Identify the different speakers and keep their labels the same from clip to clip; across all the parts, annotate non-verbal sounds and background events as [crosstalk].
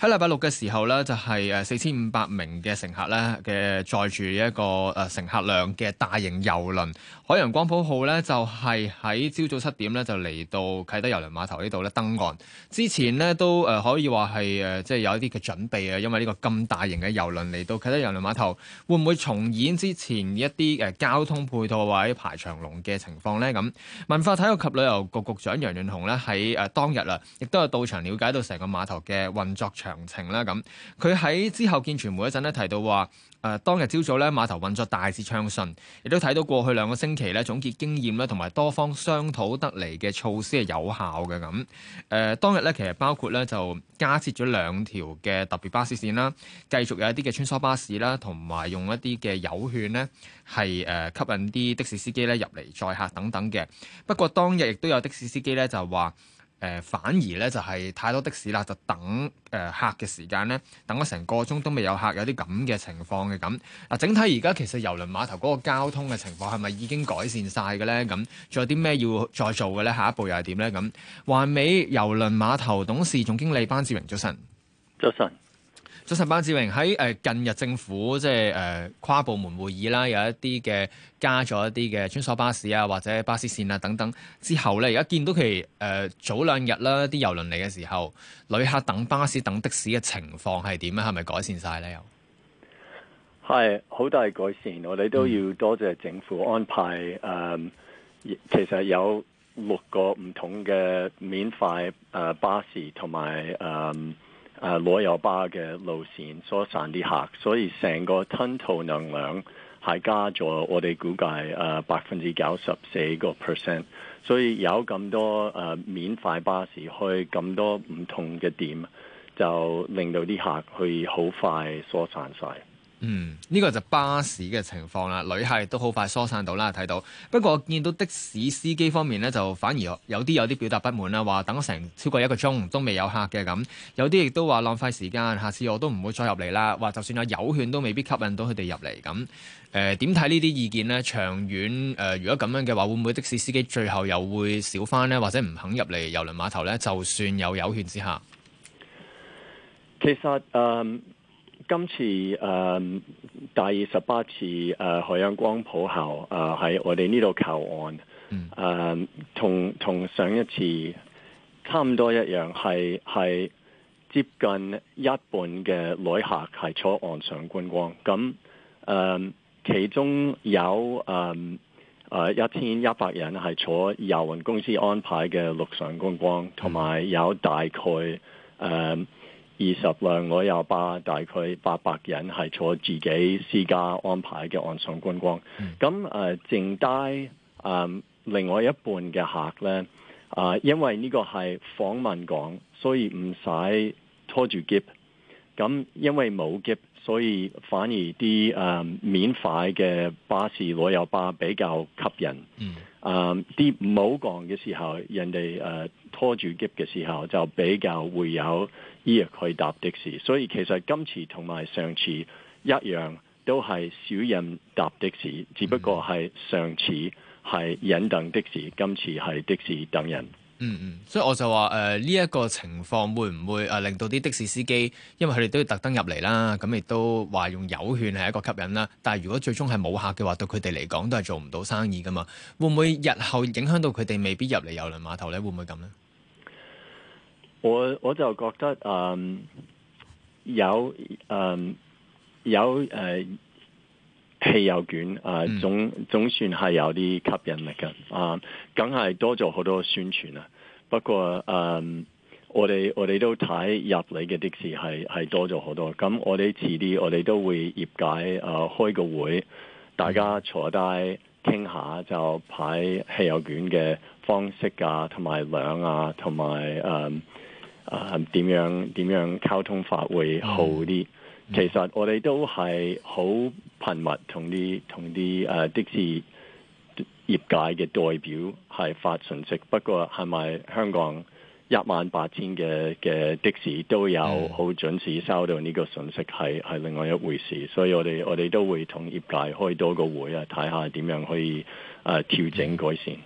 Speaker 1: 喺禮拜六嘅時候呢，就係誒四千五百名嘅乘客呢，嘅載住一個誒乘客量嘅大型郵輪海洋光譜號呢，就係喺朝早七點呢，就嚟到啟德郵輪碼頭呢度呢登岸。之前呢，都誒可以話係誒即係有一啲嘅準備啊，因為呢個咁大型嘅郵輪嚟到啟德郵輪碼頭，會唔會重演之前一啲誒交通配套或者排長龍嘅情況呢？咁文化體育及旅遊局局長楊潤雄呢，喺誒當日啊，亦都有到場了解到成個碼頭嘅運作場。詳情啦，咁佢喺之後見傳媒一陣呢，提到話，誒、呃、當日朝早咧，碼頭運作大致暢順，亦都睇到過去兩個星期咧，總結經驗咧，同埋多方商討得嚟嘅措施係有效嘅咁。誒、呃、當日咧，其實包括咧，就加設咗兩條嘅特別巴士線啦，繼續有一啲嘅穿梭巴士啦，同埋用一啲嘅有券呢，係誒吸引啲的士司機咧入嚟載客等等嘅。不過當日亦都有的士司機咧就話。誒、呃、反而咧就係、是、太多的士啦，就等誒、呃、客嘅時間咧，等咗成個鐘都未有客，有啲咁嘅情況嘅咁。嗱，整體而家其實郵輪碼頭嗰個交通嘅情況係咪已經改善晒嘅咧？咁仲有啲咩要再做嘅咧？下一步又係點咧？咁環美郵輪碼頭董事總經理班智榮早晨。
Speaker 2: 早晨。
Speaker 1: 早晨巴，班智榮喺誒近日政府即係誒、呃、跨部門會議啦，有一啲嘅加咗一啲嘅穿梭巴士啊，或者巴士綫啊等等之後咧，而家見到佢誒、呃、早兩日啦，啲遊輪嚟嘅時候，旅客等巴士、等的士嘅情況係點？啊？係咪改善晒咧？又
Speaker 2: 係好大改善，我哋都要多謝政府安排誒、嗯嗯。其實有六個唔同嘅免費誒、呃、巴士同埋誒。誒旅遊巴嘅路線疏散啲客，所以成個吞吐能量係加咗，我哋估計誒百分之九十四個 percent，所以有咁多誒、啊、免費巴士去咁多唔同嘅點，就令到啲客去好快疏散晒。嗯，
Speaker 1: 呢個就巴士嘅情況啦，旅客都好快疏散到啦，睇到。不過見到的士司機方面呢，就反而有啲有啲表達不滿啦，話等咗成超過一個鐘都未有客嘅咁，有啲亦都話浪費時間，下次我都唔會再入嚟啦。話就算有有券都未必吸引到佢哋入嚟咁。誒，點睇呢啲意見呢？長遠誒、呃，如果咁樣嘅話，會唔會的士司機最後又會少返呢？或者唔肯入嚟郵輪碼頭呢？就算有有券之下，
Speaker 2: 其實誒。Um 今次誒、um, 第二十八次誒海、uh, 洋光譜號誒喺我哋呢度靠岸，誒、嗯嗯、同同上一次差唔多一樣，係係接近一半嘅旅客係坐岸上觀光，咁誒、嗯、其中有誒誒一千一百人係坐郵輪公司安排嘅陸上觀光，同埋有，有大概誒。嗯嗯二十輛，旅遊巴，大概八百人係坐自己私家安排嘅岸上觀光。咁誒、呃，剩低誒、呃、另外一半嘅客咧，啊、呃，因為呢個係訪問港，所以唔使拖住喼。咁因為冇喼，所以反而啲誒、呃、免費嘅巴士旅遊巴比較吸引。嗯，啊啲母港嘅時候，人哋誒、呃、拖住喼嘅時候就比較會有。依個佢搭的士，所以其實今次同埋上次一樣，都係少人搭的士，只不過係上次係人等的士，今次係的士等人。嗯
Speaker 1: 嗯，所以我就話誒呢一個情況會唔會誒、呃、令到啲的士司機，因為佢哋都要特登入嚟啦，咁亦都話用有券係一個吸引啦。但係如果最終係冇客嘅話，對佢哋嚟講都係做唔到生意噶嘛。會唔會日後影響到佢哋未必入嚟郵輪
Speaker 2: 碼頭咧？會唔會咁呢？我我就覺得嗯、um, 有嗯、um, 有誒、uh, 汽油券啊、uh,，總總算係有啲吸引力嘅啊，梗、uh, 係多咗好多宣傳啦。不過嗯、um,，我哋我哋都睇入嚟嘅的士係係多咗好多。咁我哋遲啲我哋都會業界誒、uh, 開個會，大家坐低傾下，下就排汽油券嘅方式啊，同埋量啊，同埋誒。Um, 啊，點樣點樣溝通法會好啲？嗯、其實我哋都係好頻密同啲同啲誒的士業界嘅代表係發信息，不過係咪香港一萬八千嘅嘅的士都有好準時收到呢個信息，係係另外一回事，所以我哋我哋都會同業界開多個會啊，睇下點樣可以誒、啊、調整改善。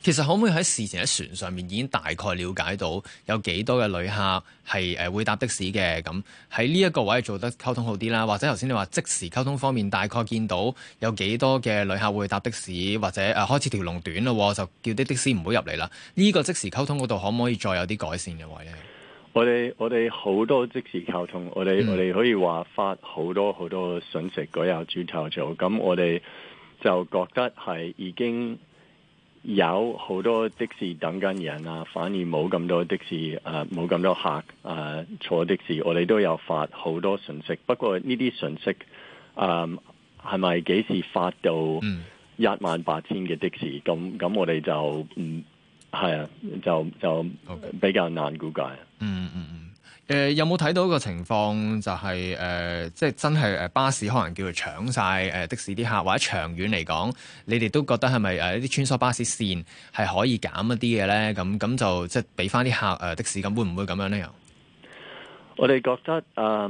Speaker 2: 其實可唔可以喺事前
Speaker 1: 喺船上面已經大概了解到有幾多嘅旅客係誒會搭的士嘅？咁喺呢一個位做得溝通好啲啦，或者頭先你話即時溝通方面大概見到有幾多嘅旅客會搭的士，或者誒、呃、開始條龍短咯，就叫啲的士唔好入嚟啦。呢、呢個即時溝通嗰度可唔可以再有啲改善嘅位咧？
Speaker 2: 我哋我哋好多即時溝通，我哋、嗯、我哋可以話發好多好多訊息，改由轉頭做。咁我哋就覺得係已經。有好多的士等緊人啊，反而冇咁多的士，誒冇咁多客，誒、呃、坐的士，我哋都有發好多信息。不過呢啲信息，誒係咪幾時發到一萬八千嘅的士？咁咁我哋就唔係啊，就就比較難估計嗯嗯嗯。Okay. Mm-hmm. 誒、嗯、有冇睇到一個情
Speaker 1: 況就係、是、誒、呃，即係真係誒巴士可能叫做搶晒誒、呃、的士啲客，或者長遠嚟講，你哋都覺得係咪誒一啲穿梭巴士線係可以減一啲嘅咧？咁咁就即係俾翻啲客誒、呃、的士咁會唔會咁樣咧？又
Speaker 2: 我哋覺得誒、呃、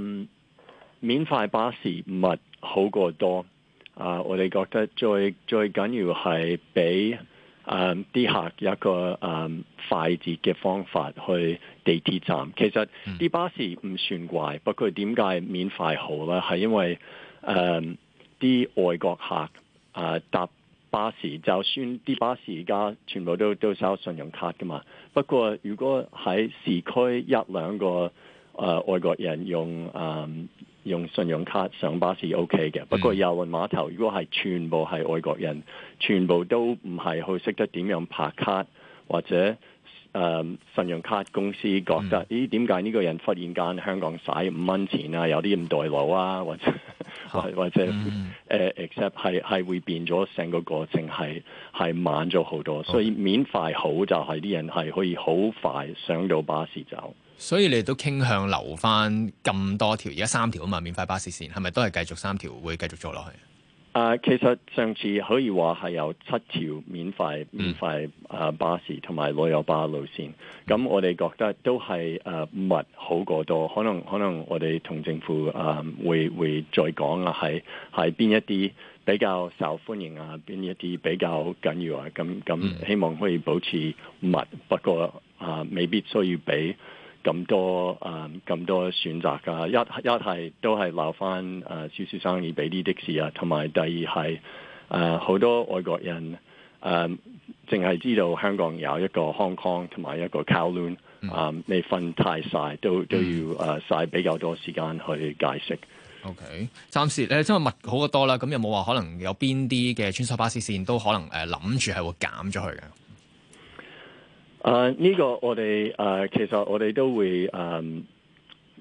Speaker 2: 免費巴士物好過多啊、呃！我哋覺得最最緊要係俾。誒啲、嗯、客有一個誒、嗯、快捷嘅方法去地鐵站，其實啲巴士唔算貴，不過點解免費好咧？係因為誒啲、嗯、外國客啊搭巴士，就算啲巴士而家全部都都收信用卡噶嘛，不過如果喺市區一兩個誒、呃、外國人用誒。嗯用信用卡上巴士 O K 嘅，不過郵輪碼頭如果係全部係外國人，全部都唔係去識得點樣拍卡，或者誒、呃、信用卡公司覺得，嗯、咦點解呢個人忽然間香港使五蚊錢啊？有啲唔代勞啊，或者、啊、或者誒、嗯呃、except 係係會變咗成個過程係係慢咗好多，嗯、所以免費好就係啲人係可以好快上到巴士走。
Speaker 1: 所以你都傾向留翻咁多條，而家三條啊嘛，免費巴士線係咪都係繼續三條會繼續做落去？誒、
Speaker 2: 啊，其實上次可以話係有七條免費免費誒、啊、巴士同埋旅遊巴路線，咁、嗯、我哋覺得都係誒密好過多。可能可能我哋同政府誒、啊、會會再講啊，係係邊一啲比較受歡迎啊？邊一啲比較緊要啊？咁咁希望可以保持密，不過啊未必需要俾。咁多啊，咁、嗯、多選擇噶，一一係都係留返啊，少少生意俾啲的士啊，同埋第二係啊，好、呃、多外國人啊，淨、呃、係知道香港有一個 Hong Kong 同埋一個 Kowloon 啊、呃，你分太晒，都都要啊，嘥、呃、比較多時間去解釋。
Speaker 1: OK，暫時誒，因為物好嘅多啦，咁有冇話可能有邊啲嘅穿梭巴士線都可能誒諗住係會減咗去嘅？
Speaker 2: 啊！呢、uh, 個我哋啊，uh, 其實我哋都會啊。Um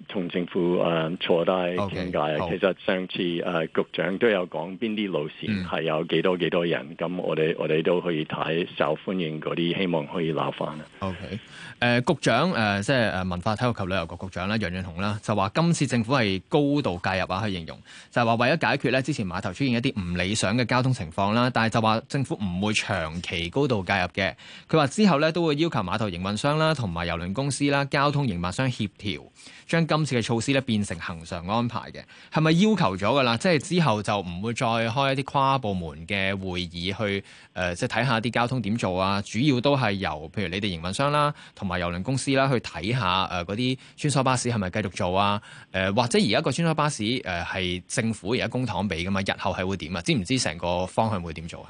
Speaker 2: 同政府誒坐低傾偈。Okay. 其實上次誒、oh. 啊、局長都有講邊啲路線係有幾多幾多人，咁我哋我哋都可以睇受歡迎嗰啲，希望可以攞翻啊
Speaker 1: ！OK，誒、呃、局長誒、呃、即係誒文化體育及旅遊局局長啦，楊潤雄啦，就話今次政府係高度介入啊，去形容就係話為咗解決咧之前碼頭出現一啲唔理想嘅交通情況啦，但係就話政府唔會長期高度介入嘅。佢話之後咧都會要求碼頭營運商啦同埋郵輪公司啦，交通營運商協調將。今次嘅措施咧變成恆常安排嘅，係咪要求咗噶啦？即係之後就唔會再開一啲跨部門嘅會議去，誒、呃、即係睇下啲交通點做啊！主要都係由譬如你哋營運商啦，同埋郵輪公司啦去睇下，誒嗰啲穿梭巴士係咪繼續做啊？誒、呃、或者而家個穿梭巴士誒係、呃、政府而家公帑俾噶嘛？日後係會點啊？知唔知成個方向會點做係？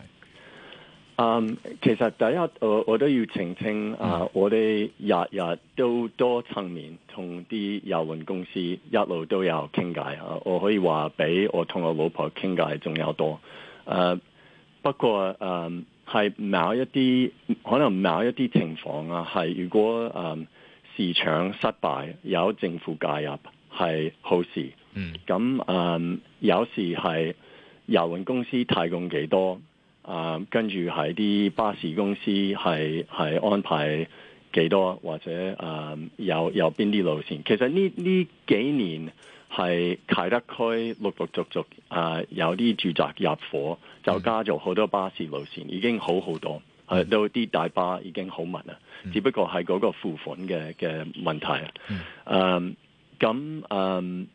Speaker 2: 嗯，um, 其實第一，我我都要澄清、嗯、啊，我哋日日都多層面同啲郵輪公司一路都有傾偈啊，我可以話比我同我老婆傾偈仲有多。誒、啊，不過誒係、啊、某一啲可能某一啲情況啊，係如果誒市場失敗有政府介入係好事，咁誒、嗯啊、有時係郵輪公司提供幾多。啊、嗯，跟住喺啲巴士公司係係安排幾多，或者啊、嗯、有有邊啲路線？其實呢呢幾年係啟德區陸陸續續啊有啲住宅入伙，就加咗好多巴士路線，已經好好多，係、嗯嗯、都啲大巴已經好密啦。只不過係嗰個付款嘅嘅問題啊、嗯嗯嗯。嗯，咁嗯，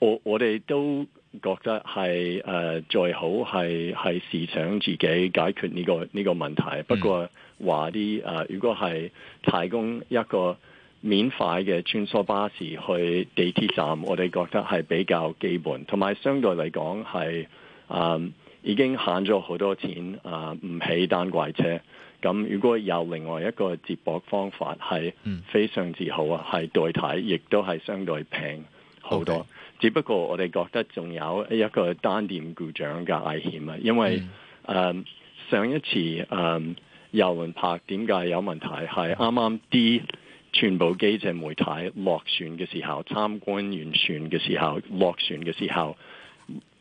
Speaker 2: 我我哋都。覺得係誒最好係係市場自己解決呢個呢個問題。Mm. 不過話啲誒，如果係提供一個免費嘅穿梭巴士去地鐵站，我哋覺得係比較基本，同埋相對嚟講係啊已經慳咗好多錢啊，唔、呃、起單軌車。咁如果有另外一個接駁方法係非常之好啊，係、mm. 代替，亦都係相對平好多。Okay. 只不過我哋覺得仲有一個單點故障嘅危險啊，因為誒、嗯、上一次誒郵、嗯、輪泊點解有問題，係啱啱啲全部記者媒體落船嘅時候，參觀完船嘅時候，落船嘅時候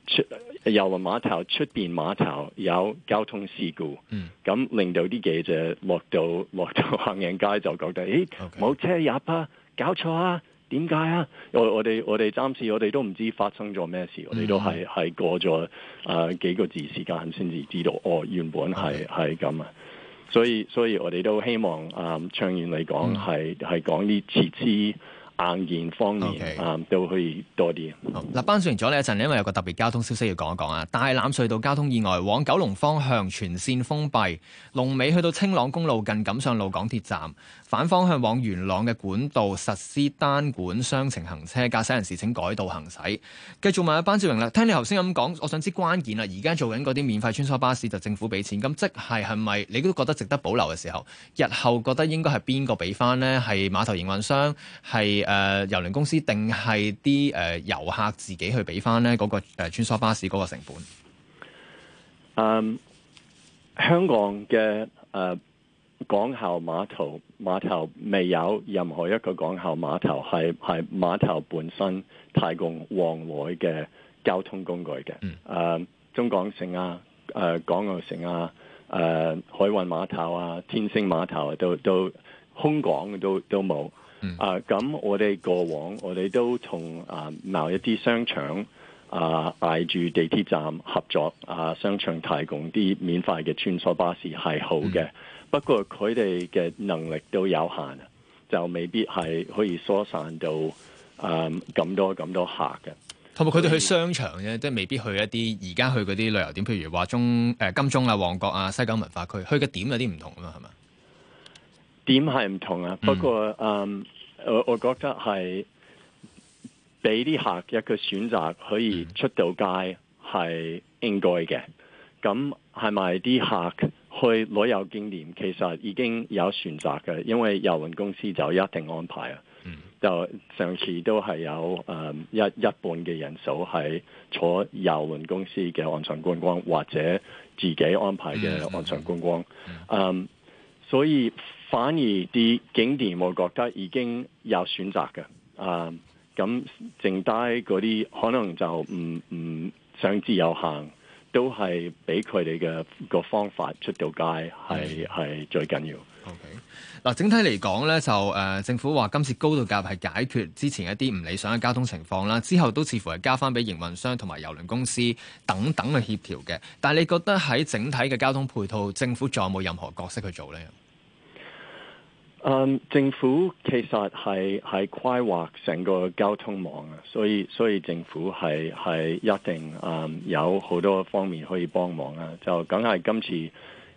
Speaker 2: 出郵輪碼頭出邊碼頭有交通事故，咁、嗯、令到啲記者落到落到行人街就覺得咦，冇、欸、Okay. 車入啊，搞錯啊！點解啊？我我哋我哋暫時我哋都唔知發生咗咩事，我哋都係係、mm hmm. 過咗啊、呃、幾個字時，時間先至知道，哦原本係係咁啊，所以所以我哋都希望啊，長遠嚟講係係講啲設施。硬件方面 Okay.、um, 都可以多啲。嗱，
Speaker 1: 班智榮咗呢一陣，因為有個特別交通消息要講一講啊。大欖隧道交通意外，往九龍方向全綫封閉，龍尾去到青朗公路近錦上路港鐵站，反方向往元朗嘅管道實施單管雙程行車，駕駛人士請改道行駛。繼續問阿班智榮啦，聽你頭先咁講，我想知關鍵啦。而家做緊嗰啲免費穿梭巴士，就政府俾錢，咁即係係咪你都覺得值得保留嘅時候？日後覺得應該係邊個俾翻咧？係碼頭營運商係？誒，遊輪公司定係啲誒遊客自己去俾翻咧嗰個誒穿梭巴士嗰個成本？
Speaker 2: 嗯，香港嘅誒、呃、港口碼頭碼頭未有任何一個港口碼頭係係碼頭本身提供往來嘅交通工具嘅。誒、嗯 uh，中港城啊，誒、呃、港澳城啊，誒、呃、海運碼頭啊，天星碼頭、啊、都都空港都都冇。嗯、啊，咁我哋過往我哋都同啊鬧、嗯、一啲商場啊挨住地鐵站合作，啊商場提供啲免費嘅穿梭巴士係好嘅，嗯、不過佢哋嘅能力都有限，就未必係可以疏散到啊咁多咁多客嘅。
Speaker 1: 同埋佢哋去商場咧，都即係未必去一啲而家去嗰啲旅遊點，譬如話中誒、呃、金鐘啊、旺角啊、西九文化區，去嘅點有啲唔同啊嘛，係嘛？
Speaker 2: 點係唔同啊？嗯、不過，嗯、um,，我我覺得係俾啲客一個選擇，可以出到街係應該嘅。咁係咪啲客去旅遊景點，其實已經有選擇嘅？因為游輪公司就一定安排啊。嗯、就上次都係有，誒，一一半嘅人數係坐遊輪公司嘅岸上觀光，或者自己安排嘅岸上觀光。嗯。嗯嗯嗯所以反而啲景點我覺得已經有選擇嘅，啊、呃，咁剩低嗰啲可能就唔唔想自由行，都係俾佢哋嘅個方法出到街係係是最緊要。Okay.
Speaker 1: 嗱，整體嚟講咧，就誒、呃、政府話今次高度介入係解決之前一啲唔理想嘅交通情況啦，之後都似乎係交翻俾營運商同埋郵輪公司等等去協調嘅。但係你覺得喺整體嘅交通配套，政府再冇任何角色去做呢？嗯，
Speaker 2: 政府其實係係規劃成個交通網啊，所以所以政府係係一定嗯有好多方面可以幫忙啊，就梗係今次。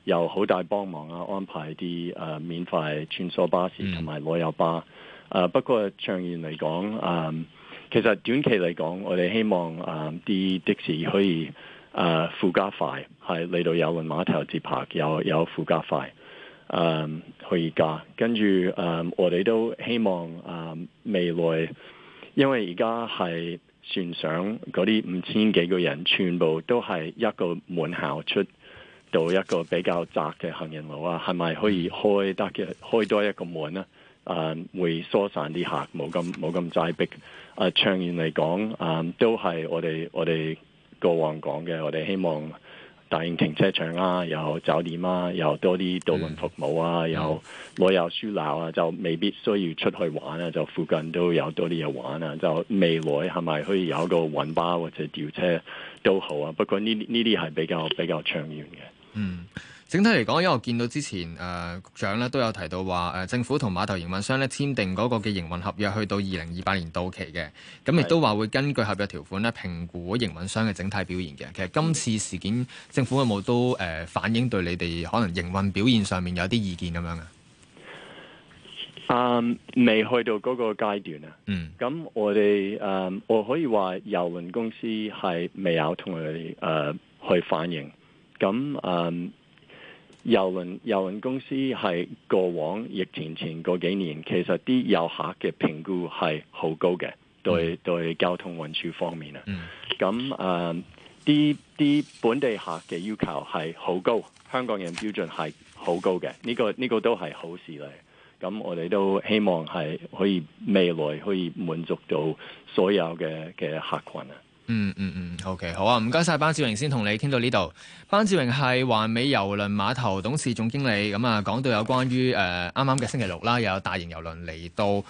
Speaker 2: 有好大幫忙啊！安排啲誒、呃、免費穿梭巴士同埋旅遊巴誒、mm hmm. 呃。不過長遠嚟講誒，其實短期嚟講，我哋希望誒啲、嗯、的士可以誒、呃、附加快，喺嚟到郵輪碼頭接客，有有附加快誒、嗯、去加。跟住誒，我哋都希望誒、嗯、未來，因為而家係船上嗰啲五千幾個人，全部都係一個門口出。到一個比較窄嘅行人路啊，係咪可以開得嘅開多一個門呢、啊？啊、嗯，會疏散啲客，冇咁冇咁擠逼。啊，長遠嚟講，啊、嗯、都係我哋我哋過往講嘅，我哋希望大型停車場啊，有酒店啊，有，啊有多啲導遊服務啊，有旅遊輸留啊，就未必需要出去玩啊，就附近都有多啲嘢玩啊。就未來係咪可以有一個雲巴或者吊車都好啊？不過呢呢啲係比較比較長遠嘅。
Speaker 1: 嗯，整體嚟講，因為我見到之前誒、呃、局長咧都有提到話，誒、呃、政府同碼頭營運商咧簽訂嗰個嘅營運合約，去到二零二八年到期嘅，咁亦都話會根據合約條款咧評估營運商嘅整體表現嘅。其實今次事件，政府有冇都誒、呃、反映對你哋可能營運表現上面有啲意見咁樣啊？
Speaker 2: 嗯，未去到嗰個階段啊。嗯，咁我哋誒、呃，我可以話郵輪公司係未有同佢哋誒去反映。咁誒郵輪郵輪公司係過往疫情前嗰幾年，其實啲遊客嘅評估係好高嘅，對、嗯、對、對交通運輸方面啊。咁誒啲啲本地客嘅要求係好高，香港人標準係好高嘅，呢、這個呢、這個都係好事嚟。咁我哋都希望係可以未來可以滿足到所有嘅嘅客群啊。
Speaker 1: 嗯嗯嗯，OK，好啊！唔該晒。班智榮先同你傾到呢度。班智榮係環美郵輪碼頭董事總經理，咁、嗯、啊，講到有關於誒啱啱嘅星期六啦，又有大型郵輪嚟到誒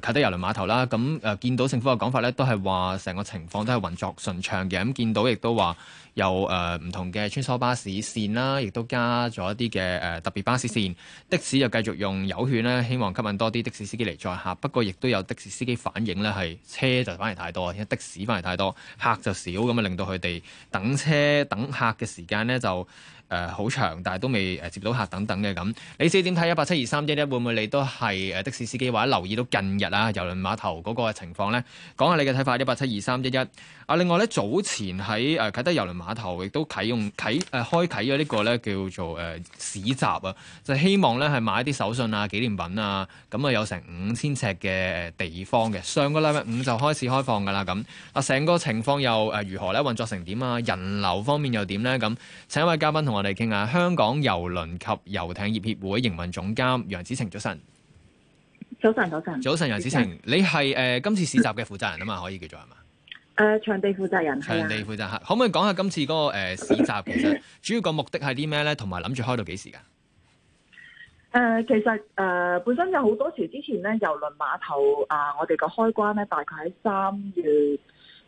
Speaker 1: 啟德郵輪碼頭啦。咁、啊、誒見到政府嘅講法咧，都係話成個情況都係運作順暢嘅。咁、嗯、見到亦都話有誒唔、呃、同嘅穿梭巴士線啦，亦都加咗一啲嘅誒特別巴士線。的士又繼續用有券啦，希望吸引多啲的士司機嚟載客。不過亦都有的士司機反映呢，係車就反而太多，因為的士反而太多。客就少咁啊，令到佢哋等車等客嘅時間呢就誒好、呃、長，但係都未誒接到客等等嘅咁。你試點睇，一八七二三一一，會唔會你都係誒的士司機或者留意到近日啊郵輪碼頭嗰個情況呢？講下你嘅睇法，一八七二三一一。啊！另外咧，早前喺誒、呃、啟德郵輪碼頭亦都啟用啟誒、呃、開啓咗呢個咧叫做誒、呃、市集啊，就是、希望咧係買啲手信啊、紀念品啊，咁啊有成五千尺嘅地方嘅。上個禮拜五就開始開放噶啦，咁啊成個情況又誒如何咧？運作成點啊？人流方面又點咧？咁請一位嘉賓同我哋傾下。香港郵輪及遊艇業協會營運總監楊梓呈，早晨。
Speaker 3: 早晨，早晨。早晨，楊梓呈，
Speaker 1: 你係誒今次市集嘅負責人啊嘛？可以叫做係嘛？
Speaker 3: 誒、呃，場地負責人係啊，場地
Speaker 1: 負責人。可唔可以講下今次嗰，那個誒、呃、市集其實主要個目的係啲咩咧？同埋諗住開到幾時噶
Speaker 3: 誒、呃，其實誒、呃，本身有好多時之前咧，郵輪碼頭啊、呃，我哋個開關咧，大概喺三月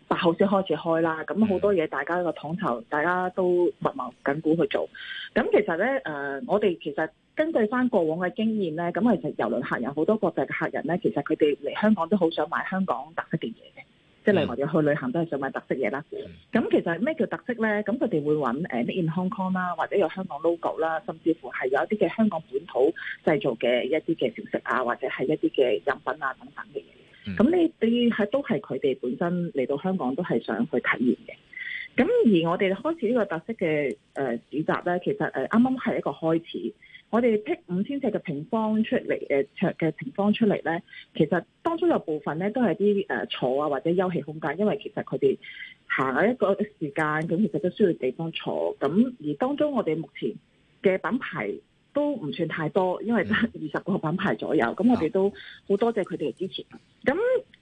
Speaker 3: 八號先開始開啦。咁好多嘢，大家個統籌，大家都密鑼緊鼓去做。咁其實咧，誒、呃，我哋其實根據翻過往嘅經驗咧，咁其實郵輪客人好多國際嘅客人咧，其實佢哋嚟香港都好想買香港打嘅嘢嘅。即係例如話要去旅行都係想買特色嘢啦，咁 [noise] 其實咩叫特色咧？咁佢哋會揾誒 in Hong Kong 啦，或者有香港 logo 啦，甚至乎係有一啲嘅香港本土製造嘅一啲嘅小食啊，或者係一啲嘅飲品啊等等嘅嘢。咁呢啲係都係佢哋本身嚟到香港都係想去體驗嘅。咁而我哋開始呢個特色嘅誒主題咧，其實誒啱啱係一個開始。我哋辟五千尺嘅平方出嚟，誒尺嘅平方出嚟咧，其實當中有部分咧都係啲誒坐啊或者休息空間，因為其實佢哋行一個時間咁，其實都需要地方坐。咁而當中我哋目前嘅品牌都唔算太多，因為得二十個品牌左右。咁我哋都好多謝佢哋嘅支持。咁誒、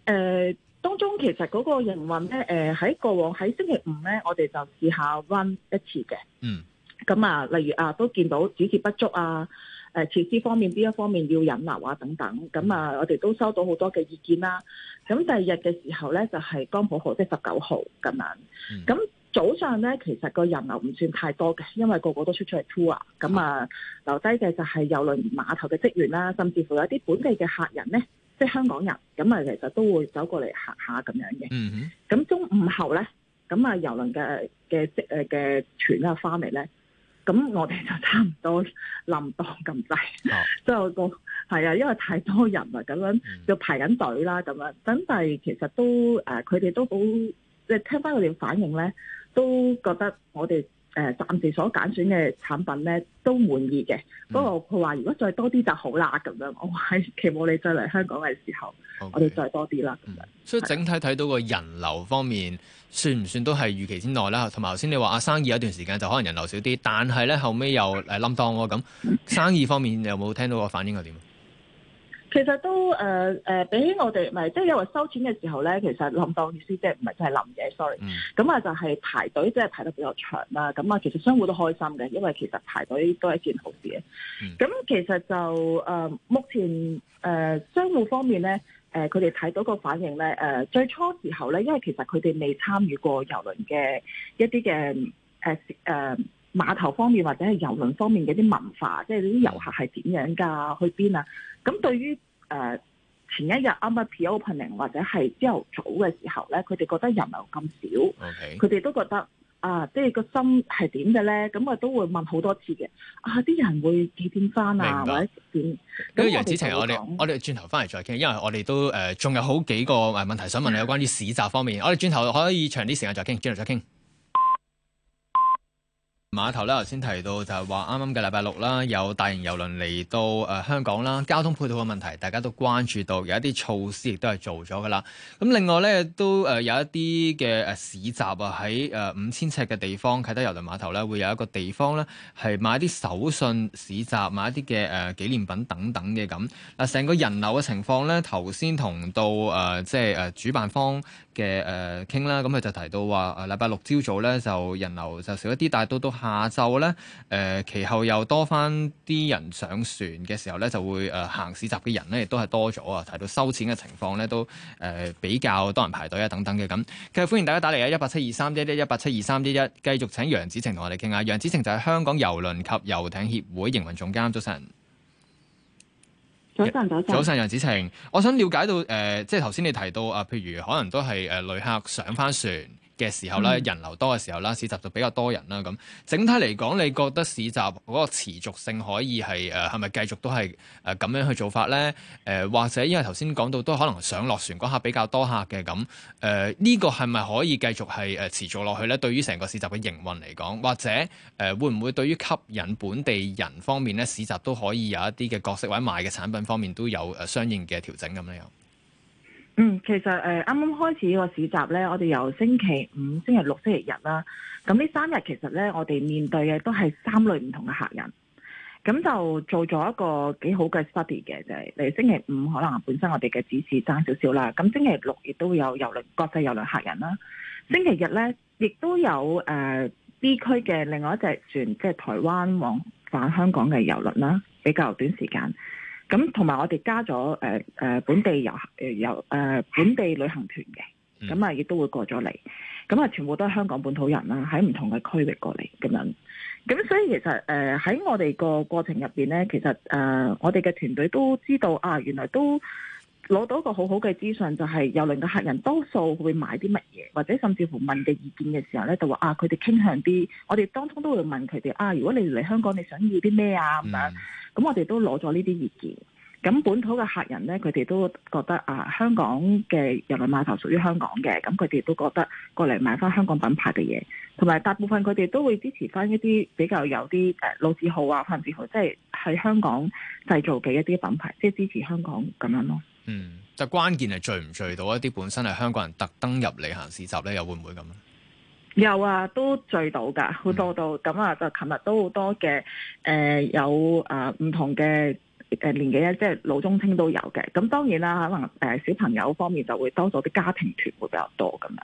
Speaker 3: 呃、當中其實嗰個人運咧，誒、呃、喺過往喺星期五咧，我哋就試下 run 一次嘅。嗯。咁啊，例如啊，都見到子節不足啊，誒設施方面邊一方面要引流啊等等。咁啊，我哋都收到好多嘅意見啦。咁第二日嘅時候咧，就係、是、江浦號即十九號咁樣。咁、嗯、早上咧，其實個人流唔算太多嘅，因為個個都出出嚟 tour。咁啊，啊留低嘅就係郵輪碼頭嘅職員啦，甚至乎有啲本地嘅客人咧，即係香港人。咁啊，其實都會走過嚟行下咁樣嘅。咁、嗯、中午後咧，咁啊郵輪嘅嘅職誒嘅船啊翻嚟咧。咁我哋就差唔多冧檔咁滯，即係、oh. [laughs] 個係啊，因為太多人啊，咁樣要排緊隊啦，咁樣，咁但係其實都誒，佢、呃、哋都好，即係聽翻佢哋反應咧，都覺得我哋。誒、呃，暫時所揀選嘅產品咧都滿意嘅，不過佢話如果再多啲就好啦咁樣。我話期望你再嚟香港嘅時候，okay, 我哋再多啲啦。
Speaker 1: 所以整體睇到個人流方面，算唔算都係預期之內啦？同埋頭先你話啊，生意有段時間就可能人流少啲，但係咧後尾又誒冧檔喎咁。生意方面你有冇聽到個反應係點？
Speaker 3: 其實都誒誒，俾、呃呃、我哋咪即係因為收錢嘅時候咧，其實諗當意思即係唔係真係諗嘅，sorry、嗯。咁啊就係排隊，即係排得比較長啦。咁啊，其實商戶都開心嘅，因為其實排隊都係一件好事嘅。咁、嗯、其實就誒、呃、目前誒商戶方面咧，誒佢哋睇到個反應咧，誒、呃、最初時候咧，因為其實佢哋未參與過郵輪嘅一啲嘅誒誒。呃呃呃碼頭方面或者係遊輪方面嘅啲文化，即係啲遊客係點樣噶，去邊啊？咁對於誒、呃、前一日啱啱 pre-opening 或者係朝頭早嘅時候咧，佢哋覺得人流咁少，佢哋 Okay. 都覺得啊、呃，即係個心係點嘅咧？咁我都會問好多次嘅啊，啲人會幾點翻啊，白或者點？咁楊梓呈，我哋
Speaker 1: 我哋轉頭翻嚟再傾，因為我哋都誒仲、呃、有好幾個誒問題想問你，有關於市集方面，嗯、我哋轉頭可以長啲時間再傾，轉頭再傾。再碼頭咧，頭先提到就係話，啱啱嘅禮拜六啦，有大型郵輪嚟到誒、呃、香港啦，交通配套嘅問題，大家都關注到，有一啲措施亦都係做咗噶啦。咁另外咧，都誒、呃、有一啲嘅誒市集啊，喺誒、呃、五千尺嘅地方啟德郵輪碼頭咧，會有一個地方咧係買啲手信市集，買一啲嘅誒紀念品等等嘅咁、呃。啊，成個人流嘅情況咧，頭先同到誒即係誒主辦方。嘅誒傾啦，咁佢、uh, 嗯、就提到話誒，禮、啊、拜六朝早咧就人流就少一啲，但係到到下晝咧誒，其後又多翻啲人上船嘅時候咧，就會誒、呃、行市集嘅人咧亦都係多咗啊。提到收錢嘅情況咧，都、呃、誒比較多人排隊啊，等等嘅咁。跟住歡迎大家打嚟啊，一八七二三一一一八七二三一一，繼續請楊梓呈同我哋傾下。楊梓呈就係香港郵輪及遊艇協會營運總監，早晨。
Speaker 3: 早晨，早晨。早晨，
Speaker 1: 楊梓呈，我想了解到，誒、呃，即係頭先你提到啊，譬如可能都係誒、呃、旅客上翻船。嘅時候啦，嗯、人流多嘅時候啦，市集就比較多人啦咁。整體嚟講，你覺得市集嗰個持續性可以係誒係咪繼續都係誒咁樣去做法咧？誒、呃、或者因為頭先講到都可能上落船嗰下比較多客嘅咁誒，呢、呃呢個係咪可以繼續係誒持續落去咧？對於成個市集嘅營運嚟講，或者誒、呃、會唔會對於吸引本地人方面咧，市集都可以有一啲嘅角色或者賣嘅產品方面都有誒相應嘅調整咁咧又？
Speaker 3: 嗯，其實誒，啱、呃、啱開始個市集呢，我哋由星期五、星期六、星期日啦，咁呢三日其實呢，我哋面對嘅都係三類唔同嘅客人，咁就做咗一個幾好嘅 study 嘅，就係、是、星期五可能本身我哋嘅指示爭少少啦，咁星期六亦都有郵輪、國際郵輪客人啦，星期日呢，亦都有誒、呃、B 區嘅另外一隻船，即、就、係、是、台灣往返香港嘅郵輪啦，比較短時間。咁同埋我哋加咗誒誒本地遊誒遊、呃呃、本地旅行團嘅，咁啊亦都會過咗嚟，咁啊全部都係香港本土人啦，喺唔同嘅區域過嚟咁樣，咁所以其實誒喺、呃、我哋個過程入邊咧，其實誒、呃、我哋嘅團隊都知道啊，原來都，攞到一個好好嘅資訊，就係，就係郵輪嘅客人多數會買啲乜嘢，或者甚至乎問嘅意見嘅時候咧，就話啊，佢哋傾向啲，我哋當中都會問佢哋啊，如果你嚟香港，你想要啲咩啊咁樣，咁、嗯、我哋都攞咗呢啲意見。咁本土嘅客人咧，佢哋都覺得啊，香港嘅郵輪碼頭屬於香港嘅，咁佢哋都覺得過嚟買翻香港品牌嘅嘢，同埋大部分佢哋都會支持翻一啲比較有啲誒、呃、老字號啊、泛字號，即係喺香港製造嘅一啲品牌，即係支持香港咁樣咯。嗯，
Speaker 1: 但關鍵係聚唔聚到一啲本身係香港人特登入嚟行市集咧，又會唔會咁啊？
Speaker 3: 有啊，都聚到噶好多度。咁、嗯、啊，就琴日都好多嘅誒、呃，有啊唔、呃呃、同嘅。誒年紀咧，即係老中青都有嘅。咁當然啦，可能誒小朋友方面就會多咗啲家庭團會比較多咁樣。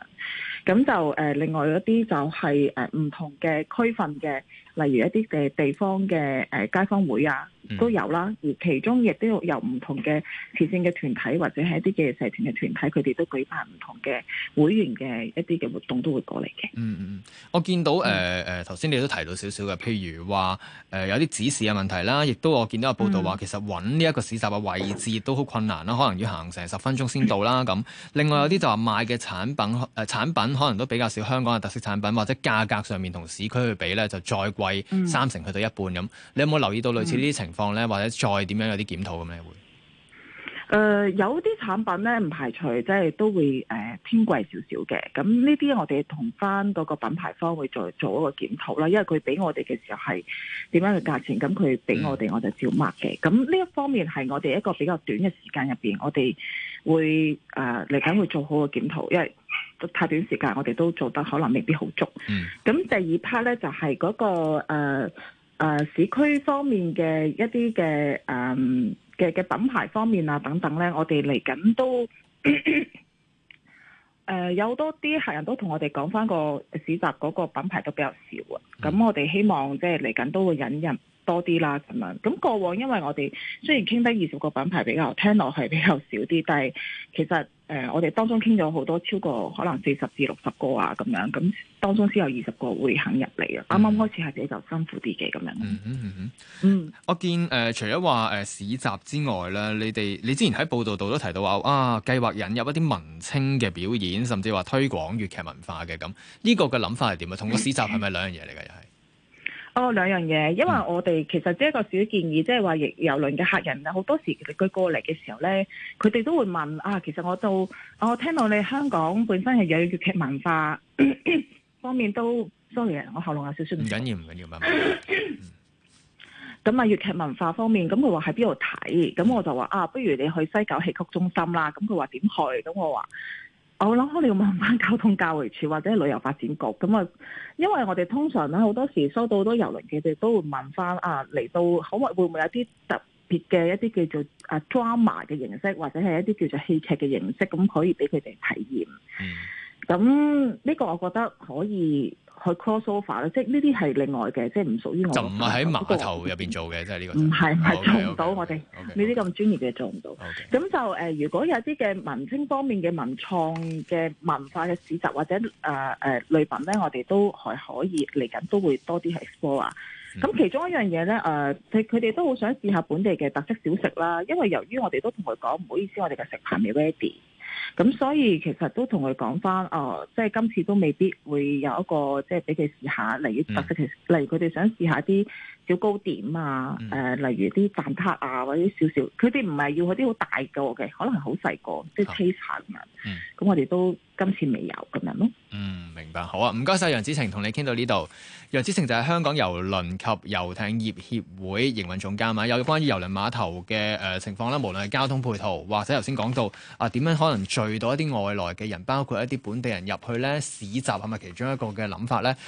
Speaker 3: 咁就誒、呃，另外一啲就係誒唔同嘅區份嘅，例如一啲嘅地方嘅誒、呃、街坊會啊，都有啦。而其中亦都有唔同嘅慈善嘅團體，或者係一啲嘅社團嘅團體，佢哋都舉辦唔同嘅會員嘅一啲嘅活動，都會過嚟嘅。嗯
Speaker 1: 嗯，我見到誒誒，頭、呃、先、呃、你都提到少少嘅，譬如話誒、呃、有啲指示嘅問題啦，亦都我見到有報道話，其實揾呢一個市集嘅位置亦都好困難啦，可能要行成十分鐘先到啦。咁、嗯嗯、另外有啲就話賣嘅產品誒產品。呃產品可能都比較少香港嘅特色產品，或者價格上面同市區去比呢，就再貴三成去到一半咁。嗯、你有冇留意到類似呢啲情況呢？嗯、或者再點樣有啲檢討咁咧會？
Speaker 3: 誒、呃，有啲產品呢？唔排除即係都會誒、呃、偏貴少少嘅。咁呢啲我哋同翻嗰個品牌方會再做，做一個檢討啦。因為佢畀我哋嘅時候係點樣嘅價錢，咁佢畀我哋我就照賣嘅。咁呢、嗯、一方面係我哋一個比較短嘅時間入邊，我哋。會啊，嚟、呃、緊會做好個檢討，因為太短時間，我哋都做得可能未必好足。咁、嗯、第二 part 咧就係、是、嗰、那個誒、呃呃、市區方面嘅一啲嘅誒嘅嘅品牌方面啊等等咧，我哋嚟緊都誒、 [coughs] 呃、有多啲客人都同我哋講返個市集嗰個品牌都比較少啊。咁、嗯、我哋希望即係嚟緊都會引入。多啲啦咁樣，咁過往因為我哋雖然傾得二十個品牌比較聽落去比較少啲，但係其實誒、呃、我哋當中傾咗好多超過可能四十至六十個啊咁樣，咁當中先有二十個會肯入嚟啊！啱啱開始係比較辛苦啲嘅咁樣。嗯嗯嗯
Speaker 1: 嗯，嗯嗯嗯我見誒、呃、除咗話誒市集之外咧，你哋你之前喺報道度都提到話啊，計劃引入一啲文青嘅表演，甚至話推廣粵劇文化嘅咁，呢個嘅諗法係點啊？同個市集係咪兩樣嘢嚟嘅？又係、嗯？
Speaker 3: 多兩、哦、樣嘢，因為我哋其實即係一個小建議，即係話遊遊輪嘅客人啊，好多時其實佢過嚟嘅時候咧，佢哋都會問啊，其實我到，我、哦、聽到你香港本身係有粵劇文化 [coughs] 方面都，sorry，我喉嚨有少少唔緊要，唔緊要啊。咁啊，粵 [coughs] [coughs] 劇文化方面，咁佢話喺邊度睇？咁我就話啊，不如你去西九戲曲中心啦。咁佢話點去？咁我話。我諗可能要問翻交通教育處或者旅遊發展局。咁啊，因為我哋通常咧好多時收到好多遊輪嘅，佢哋都會問翻啊，嚟到，可能會唔會有啲特別嘅一啲叫做啊 drama 嘅形式，或者係一啲叫做戲劇嘅形式，咁可以俾佢哋體驗。嗯咁呢、嗯這個我覺得可以去 cross over 即係呢啲係另外嘅，即係唔屬於我。就唔係喺碼頭入
Speaker 1: 邊做嘅，即係呢個、就是。唔係做唔到，
Speaker 3: 我哋呢啲咁專業嘅做唔到。咁就誒，如果有啲嘅文青方面嘅文創嘅文化嘅市集或者誒誒、呃呃、類品咧，我哋都還可以嚟緊都會多啲去 explore。咁、嗯、其中一樣嘢咧，誒佢佢哋都好想試下本地嘅特色小食啦，因為由於我哋都同佢講唔好意思，我哋嘅食牌未 ready。咁所以其實都同佢講翻，誒、哦，即係今次都未必會有一個，即係俾佢試下，例、嗯、如，特色，其實嚟佢哋想試下啲。小糕點啊，誒、呃，例如啲蛋撻啊，或者少少，佢哋唔係要嗰啲好大個嘅，嘅可能係好細個，啲黐殘嘅。咁、啊嗯、我哋都今次未有咁樣咯。嗯，
Speaker 1: 明白，好啊，唔該晒。楊梓呈，同你傾到呢度。楊梓呈就係香港郵輪及遊艇業協會營運總監啊，有關於郵輪碼頭嘅誒情況啦，無論係交通配套，或者頭先講到啊，點樣可能聚到一啲外來嘅人，包括一啲本地人入去咧市集係咪其中一個嘅諗法咧？